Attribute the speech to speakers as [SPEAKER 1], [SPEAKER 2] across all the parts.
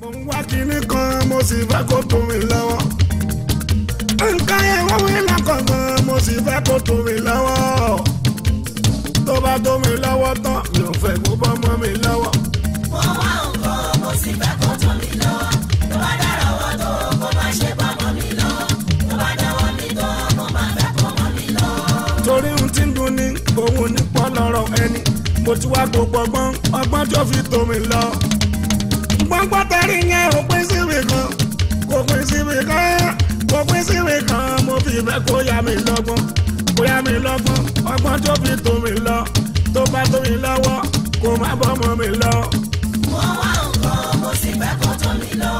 [SPEAKER 1] mo ń wá kinní kan mo sì fẹ́ kó tó mi lọ́wọ́ nǹkan yẹn wọ́n wí lákọ̀ọ́gbọ̀n mo sì fẹ́ kó tó mi lọ́wọ́ tó bá tó mi lọ́wọ́ tán mi ò fẹ́ kó bọ́ mọ́ mi lọ́wọ́. mo wá nǹkan mo sì fẹ́ kó tó mi lọ́wọ́ tó bá dára wọ́n tó kó má ṣe bọ́ mọ́ mi lọ́wọ́ tó bá dáwọ́ mi tán mo máa fẹ́ kó mọ́ mi lọ́wọ́. torí ohun tí ń dun ni òun ní pọ́ lọ́rọ̀ ẹni mo ti wá gbogbo ọgbọ́n ọgbọ́n tó fi tó mi lọ ṣùgbọ́n pátẹ́rì yẹn ò pín síbi kan kò pín síbi kan kò pín síbi kan mo fi fẹ́ kó yá mi lọ́gbọ́n kó yá mi lọ́gbọ́n ọgbọ́n tó fi tó mi lọ tó bá tó mi lọ́wọ́ kó má bọ́ mọ́ mi lọ. mo wá nǹkan mo sì fẹ́
[SPEAKER 2] kó tó mi lọ.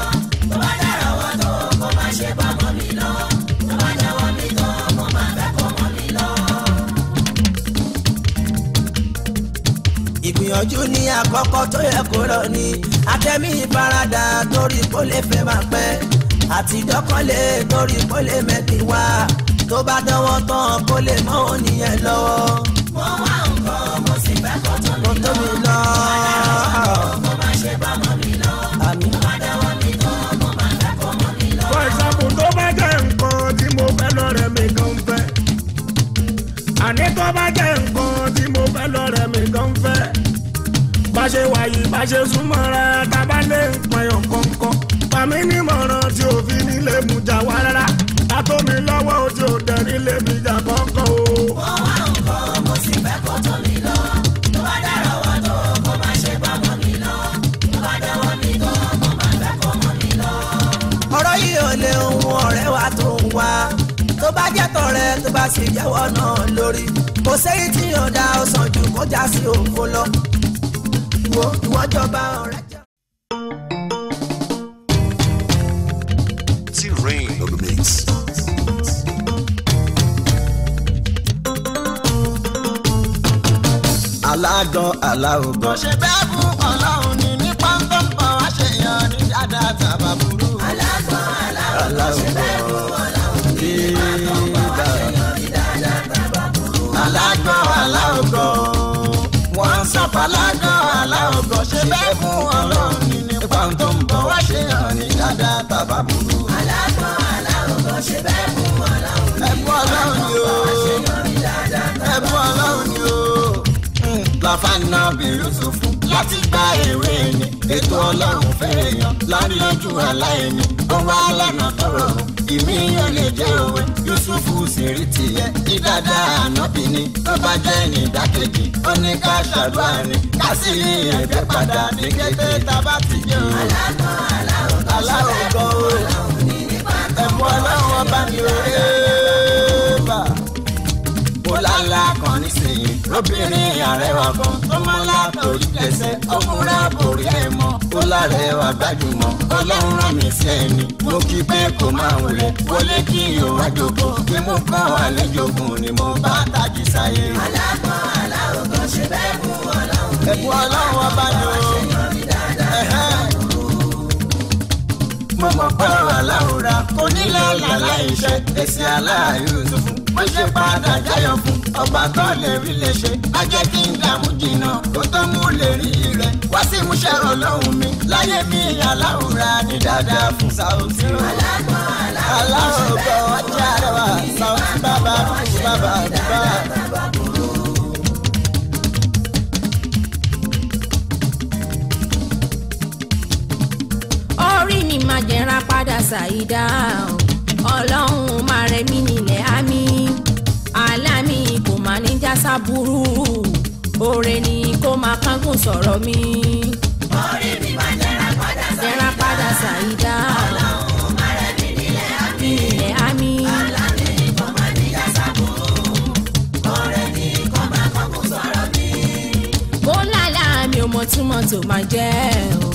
[SPEAKER 2] ìgbìyànjú ní àkọ́kọ́ tó yẹ kó rọ ni atẹ́mí ìfaradà torí kó lè fẹ́ máa pẹ́ àtijọ́kọ́lé torí kó lè mẹ́kì wá tó bá dánwọ́ tán kó lè mọ́ ònìyẹn lọ́wọ́. mo wá nǹkan mo sì fẹ́ kó tó mi lọ. mo tó bá jẹ́
[SPEAKER 1] nǹkan tí mo fẹ́ lọ́rẹ̀ mi gan gan fẹ́ bá ṣe wàyí bá ṣe súnmọ́ra tábà lè pọnyàn kọ̀ọ̀kan bá mi nímọ̀ràn tí òfin nílé mu jà wá rárá bá tó mi lọ́wọ́
[SPEAKER 2] ojú òde nílé mi jà kọ̀ọ̀kan o. ó wá nǹkan mo sì fẹ́ kó tó mi lọ tó bá dára wá tó kó má ṣe bá mọ́ mi lọ tó bá dáwọ́ mi tó kó má fẹ́ kó mọ́ mi lọ. ọ̀rọ̀ yìí ò lè ohun ọ̀rẹ́ wa tó ń wá tó bá jẹ́ tọ̀rẹ́ tó bá sì jẹ́wọ́ náà lórí kò séyìí tí yàn ọ̀sán jù kó já sí òfo lọ wo ìwọ́jọba ọ̀rẹ́ jọ.
[SPEAKER 1] T-Rain on the mix.
[SPEAKER 2] alágan aláògùn. kò bẹ́ẹ̀ fún ọlọ́run ní ní pọ́ńpọ́ńpọ́ wá ní dáadáa tàbá burú. ṣe bẹ́ẹ̀ fún ọlọ́run ní ipa tó ń bọ̀ wá ṣe hàn ní dáadáa bàbá burú. alágbọ̀n aláwọ̀ kò ṣe bẹ́ẹ̀ fún ọlọ́run ní ipa tó ń bọ̀ wá ṣe hàn ní dáadáa bàbá burú. láfààná bèrè sọ fún láti gba èrè ni ètò ọlọ́run fẹ́rẹ̀ yan láríyànjú aláìní ó wá lọ́nà tọrọ ìmí yóò lè jẹ́ òwe Yusuf sì rí tiẹ̀ dáadáa ànábì ni tó bá jẹ́ ní ìdákejì ó ní ká ṣàdúrà ni ká sì yí ẹ̀gbẹ́ padà ní kété tá a bá ti jẹ́ o. aláàgọ́ aláàgọ́ tó ṣẹlẹ̀ ẹ̀mú ọlọ́run ọba ni ó rẹ́ bá. mo lálẹ́ akọni lóbìnrin àrẹwà kan tó máa látòrí lẹ́sẹ̀ ó múra borí ẹ̀ mọ́ ó lárẹwà gbajúmọ̀ ọlọ́run rán mi sí ẹni mo kí pé kò máa wulẹ̀ wọlé kí ìhòòhò àjòkó kí mo kọ́ àlejògùn ni mo bá tají sáyé. alákọ̀ aláwọ̀ kan ṣe bẹ́ẹ̀ mú ọlọ́run ní ẹ̀kú ọlọ́run ọba ni o mo mọ̀ pé aláwòrán onílẹ̀ làlá iṣẹ́ èsì aláàyò sọ fún mo ṣe padà jáyọ̀ fún ọba tó lè rí lè ṣe má jẹ́ kí n dààmú jìnnà kó tó mú lè rí rẹ̀ wá sí ìmúṣẹ ọlọ́run mi láyé mi aláwòrán ni dáadáa fún Saoty o. aláwọ̀ gbọ́ ọjà rẹwà Saoty bàbá fún bàbá bàbá.
[SPEAKER 3] orí ni màá jẹ́ra padà ṣàyídá o. já sábúrú oore ni kó máa kángun sọ̀rọ̀ mi. orí mi máa jẹ́ra padà ṣàyídá. jẹ́ra padà ṣàyídá. ọlọ́run máa rẹ̀ mí nílẹ̀ àmì. nílẹ̀ àmì. ọlá ni kó máa ní já
[SPEAKER 2] sábúrú oore ni kó máa kángun sọ̀rọ̀
[SPEAKER 3] mi. mo lálá mi ò mọ túmọ̀ tó máa jẹ́ o.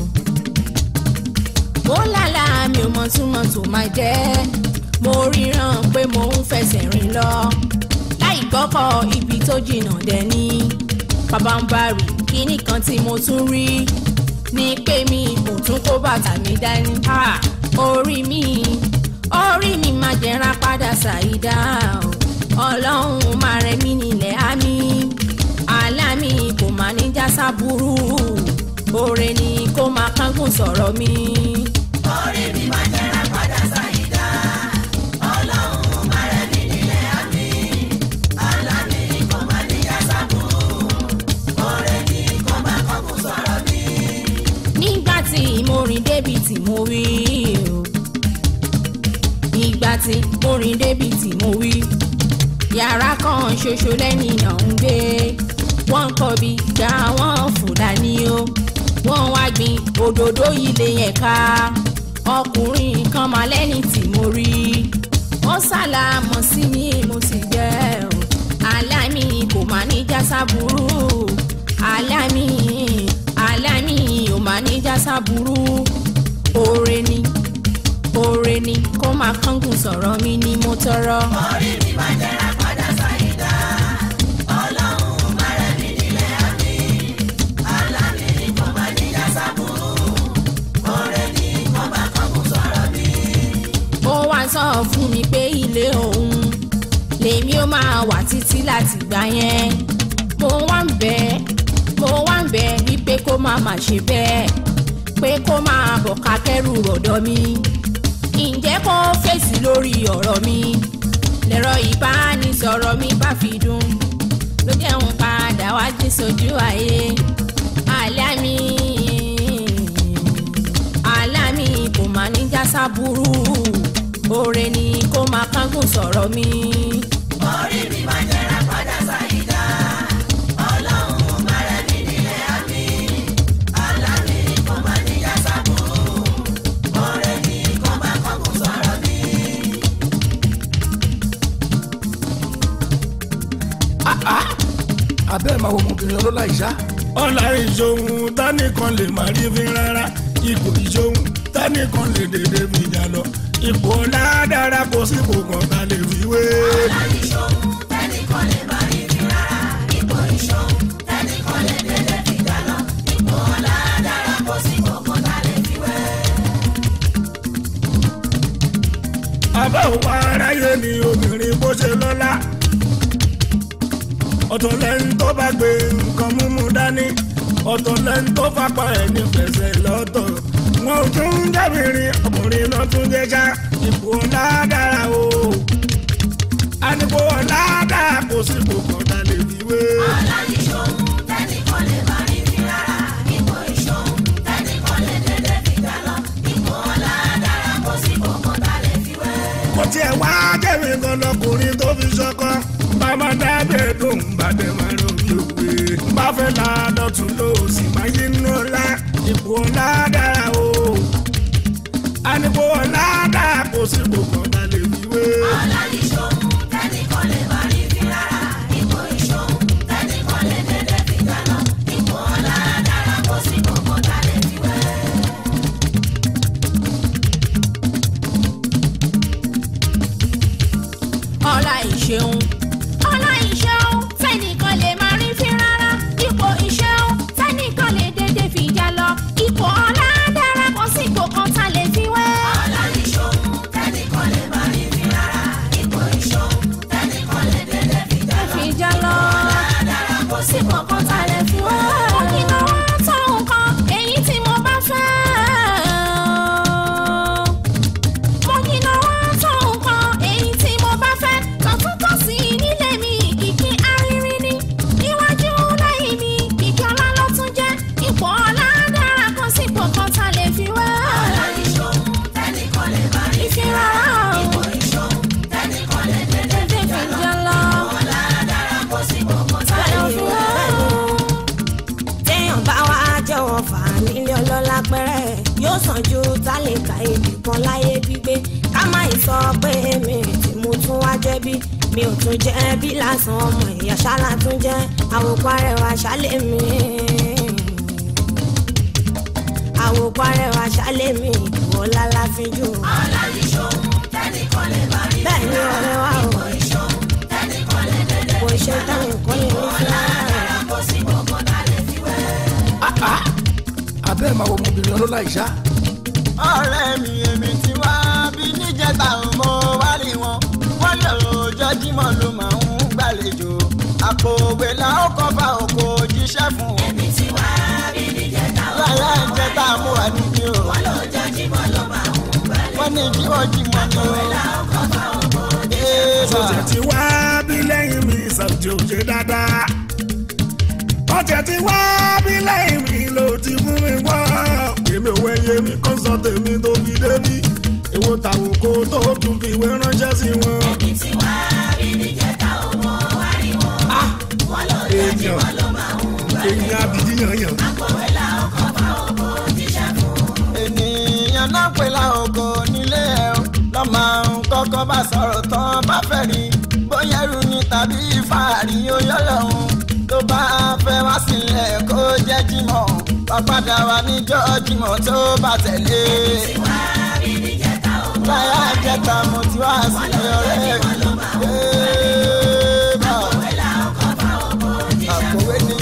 [SPEAKER 3] mo lálá mi ò máa jẹ́ mo ríran pé mo ń fẹsẹ̀ rìn lọ tọkọ ibi tó jìnnà dẹni pabambari kínní kan tí mo tún rí ni pé mi mo tún kó bàtà mi dání orí mi orí mi máa jẹra padà ṣàyídá ọlọ́run máa rẹ mí nílẹ̀ àmì alámi kò máa ní já sábúrú oore ni kó máa kángun sọ̀rọ̀ mi. orí mi. mo wí o ìgbà tí mo rìn débi tí mo wí yàrá kan ṣoṣo lẹ́yìn náà ń gbé wọ́n kọ́ bí gba wọ́n fúlàní o wọ́n wá gbin òdòdó ilé yẹn ká ọkùnrin kan máa lẹ́ni tí mo rí wọ́n ṣàlàmọ̀ sí mi mo sì jẹ́ o alámi kò má ní jásáburú alámi alámi ò má ní jásáburú rere ni kó máa kángun sọ̀rọ̀ mi ni mo tọrọ.
[SPEAKER 2] orí mi máa jẹ́ra padà sáyidá ọlọ́run bára mi nílẹ̀ àmì ọlá ni kò máa níjà sábò oore ni
[SPEAKER 3] kò máa kángun sọ̀rọ̀ mi. ó wá sọ fún mi pé ilé òun lèmi ó máa wà títí láti gbà yẹn mo wá ń bẹ̀ mo wá ń bẹ̀ wípé kó má má ṣe bẹ́ẹ̀ pé kó máa bọ̀ ká kẹ́rù rọ̀dọ̀ mi fẹ́ kó fèsì lórí ọ̀rọ̀ mi lẹ̀rọ ìbánisọ̀rọ̀ mi bá fi dùn ló jẹun padà wá jí sójú ayé àlá mi kò má ní sábúrú oore ni kó máa kángun sọ̀rọ̀ mi.
[SPEAKER 2] orí mi máa jẹ́.
[SPEAKER 1] máa wo ọmọbìnrin ọlọ́lá ìyá. ọlá ìṣòhun tánìkan lè má rí fi rárá ipò ìṣòhun tánìkan lè dédé fi jà lọ ipò ọlá dára kò sí kò kàn ká lè fi wé.
[SPEAKER 2] ọlá ìṣòhun tánìkan lè má rí fi rárá ipò ìṣòhun tánìkan lè dédé fi jà lọ ipò ọlá dára kò sí kò kàn lè fi wé.
[SPEAKER 1] àbá òun aráyé ni obìnrin bó ṣe lọ́lá ọ̀tọ̀ lẹ́nu tó bá gbé nǹkan mímu dání ọ̀tọ̀ lẹ́nu tó fapá ẹ̀ ní pẹ̀sẹ̀ lọ́tọ̀ wọn ò tún jábìrin ọkùnrin náà tún jẹ́ ká ipò ńlá dára o àníkó ńlá dára kò sí kò kan lè lè fi gbà lọ ipò ńlá dára kò gan lọkùnrin tó fi ṣọkọ bàbá dá ìbàdàn máa ń rojú pé. bá fẹ́ la lọ́tún ló sì máa yé nínú ọlá ipò ọlá dáa o. àníkó ọlá dáa kò sí gbogbo.
[SPEAKER 3] tí mọ̀kàn tá lè. kan láyé gbígbé ká má ì sọ pé mi tí mo tún wá jẹ́ bí mi ò tún jẹ́ bí lásán ọmọ ìyá ṣálá tún jẹ́ àwòkọ́ arẹwà ṣálẹ̀ mi àwòkọ́ arẹwà ṣálẹ̀ mi
[SPEAKER 2] ìwọ́lá láfíjú. ọlọ́yìn ṣòun tẹ́nìkan lè bá rí bẹ́ẹ̀ ni ọ̀rẹ́ wa ò kò ṣe táwọn kan lè ní fúlàní. àbẹ́ẹ̀ ah, ah. máa wo ọmọbìnrin ọlọ́lá ìṣá ọ̀rẹ́ mi èmi ti wá bí níjẹta ò mọ wá rí wọn wọ́n lè òòjọ́ jímọ̀ ló máa ń gbàlejò àpò òwe la ó kọ́ bá òkò jíṣẹ́ fún un. èmi ti wá bí níjẹta ò mọ wá rí wọn láyé o. wọ́n lè òòjọ́ jímọ̀ ló máa ń gbàlejò wọ́n ní jímọ̀ jímọ̀ ni àpò òwe la ó kọ́ bá òkò jíṣẹ́ fún un.
[SPEAKER 1] sọ̀tẹ̀ ti wá bí lẹ́yìn mi sọ̀tẹ̀ òjé dáadáa. ọ̀tẹ̀ ti wá bí lẹ́yìn yé mi kó sọ tèmi tó fi dé bí èwo tàwọn kó tó tún fi ìwé ránṣẹ́ sí wọn. ẹbí tí wàá rí ọmọ ariwo wọn ah!
[SPEAKER 2] ló jẹ wọn ló máa ń wọlé èyí àbíjí yanyan. àpòwélà ọkọ bá ọkọ jíjà fún. ènìyàn náà pè la ògo nílé ẹ lọ máa ń kọ́kọ́ bá sọ̀rọ̀ tán bá fẹ́ rí bóyá ẹrù ni tàbí fàárí ó àpadà wa níjọ́ jimọ̀ tó bá tẹ̀lé. láyà jẹta mo ti wá sí ọ̀rẹ́ mi. àkọ̀wé ni.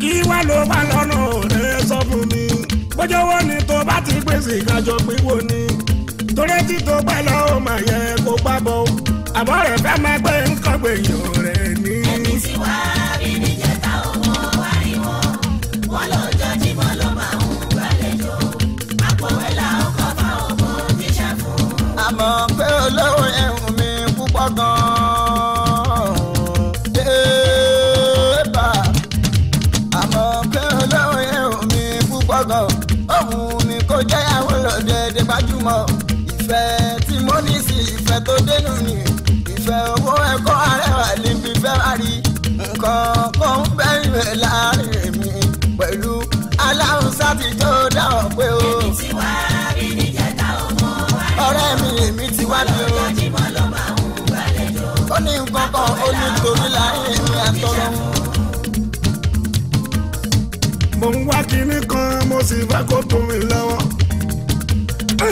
[SPEAKER 1] kí wá ló bá lọ́nà òde sọ fún mi bójówó ni tó bá ti pèsè ìkájọ pínwó ni torí tí tó pẹ́ lọ́wọ́ mà yẹ kó pàbọ̀ àbọ̀ rẹ̀ fẹ́ máa gbé nǹkan gbèyàn.
[SPEAKER 2] nítorí láyé ní àtọ́lọ́.
[SPEAKER 1] mo ń wá kinní kan mo sì fẹ́ kó tó mi lọ́wọ́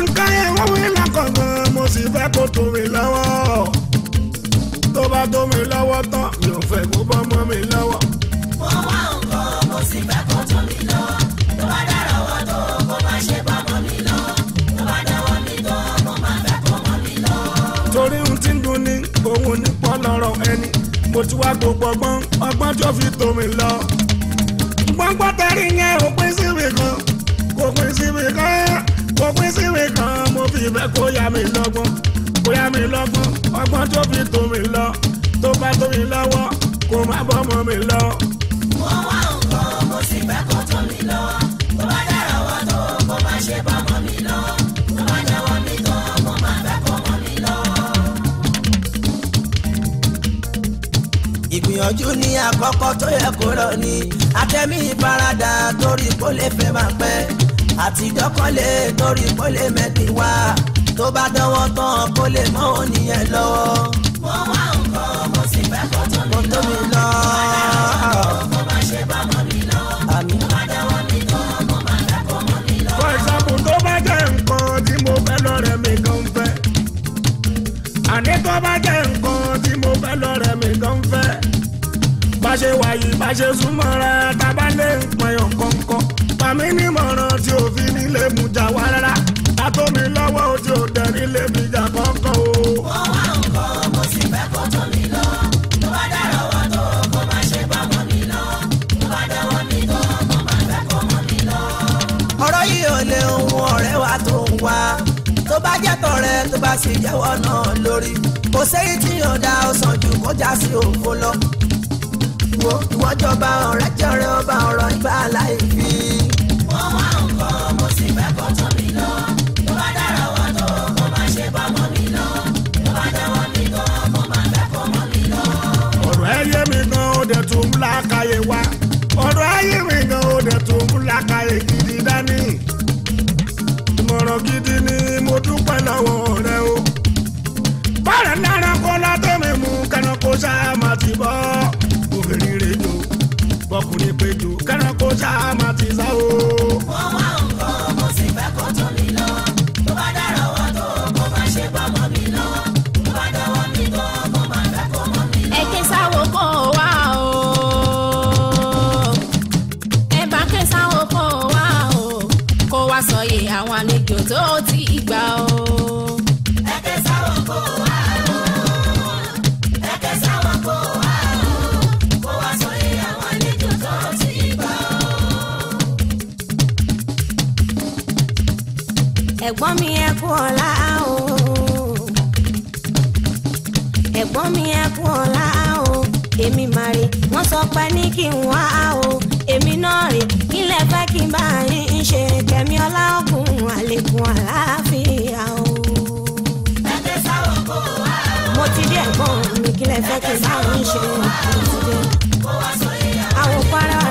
[SPEAKER 1] nǹkan yẹn wọ́n wí lákọ̀ọ́ gan mo sì fẹ́ kó tó mi. kò tí wá gbogbo ọgbọ́n ọgbọ́n tó fi tò mí lọ. gbọ́ngbọ́n tẹ̀rí yẹn ò pín síbi kan kò pín síbi kan kò pín síbi kan mo fi ìfẹ́ kó yá mi lọ́gbọ́n kó yá mi lọ́gbọ́n ọgbọ́n tó fi tò mí lọ tó bá tó lọ́wọ́ kó má bọ́ mọ́ mi lọ.
[SPEAKER 2] mo wá nǹkan mo sì fẹ́ kó tó lọ. ìyànjú ní àkọ́kọ́ tó yẹ kó rọ ni atẹ́mí ìfaradà torí kó lè fẹ́ máa pẹ́ àtijọ́kọ́lé torí kó lè mẹ́tì wá tó bá dánwọ́ tán kó lè mọ́ òun nìyẹn lọ́wọ́. mo wá nǹkan mo sì fẹ́ kó tó mi lọ.
[SPEAKER 1] bá ṣe wàyí bá ṣe súnmọ́ra tábà lè pọnyàn kọ̀ọ̀kan gbà mí nímọ̀ràn tí ò fi nílé mu jà wá rárá ta tó mi lọ́wọ́ o tí ò dẹ̀ nílé mi jà kọ̀ọ̀kan o. ó wá
[SPEAKER 2] nǹkan mo sì fẹ́ kó tó mi lọ tó bá dára wá tó kó má ṣe bá mi lọ tó bá dáwọ́ mi tó kó má fẹ́ kó mọ́ mi lọ. ọ̀rọ̀ yìí ò lè ohun ọ̀rẹ́ wa tó ń wá tó bá jẹ́ tọ̀rẹ́ tó bá sì jẹ́wọ́ náà lórí kò séyìí tí yàn dá ọ̀sán jù kó já sí òfo lọ wo ìwọ́jọba ọ̀rẹ́ jẹ́rẹ́ ọba ọ̀rọ̀ ìfẹ́ aláìfi. wọ́n wá nǹkan mo sì fẹ́ kó tán mi lọ tó bá dára wá tó mo máa ṣe bá mọ́ mi lọ tó bá dáwọ́ mi gan mo máa fẹ́ kó
[SPEAKER 1] mọ́ mi lọ. ọ̀rọ̀ ẹ yé mi gan ó dẹ̀ tún lákàyè wá ọ̀rọ̀ ayé mi gan ó dẹ̀ tún lákàyè gidi dání ìmọ̀ràn gidi ni mo dúpẹ́ lọ́wọ́ rẹ o bọ́ọ̀rẹ̀ náírà kọ́lá tó mi mú kẹ́nu kó sáà má ti bọ́ ọmọkùnrin péjú kẹran kó ṣáá máa ti sá o.
[SPEAKER 3] ẹ̀gbọ́n mi ẹ kú ọ̀la o ẹ̀gbọ́n mi ẹ kú ọ̀la o èmi máa rè wọ́n sọ pé ní kí n wá o èmi náà rè ilẹ̀ fẹ́ kí n bá yín ṣe kẹ̀mí ọlá ọ̀gùn àlékún àlàáfíà o. ẹgbẹ́
[SPEAKER 2] sáwọ́ kó wá o. mo ti dé ẹ̀gbọ́n mi kí fẹ́ kí n bá yín ṣe. ẹgbẹ́ sáwọ́ kó wá o. àwọn fara.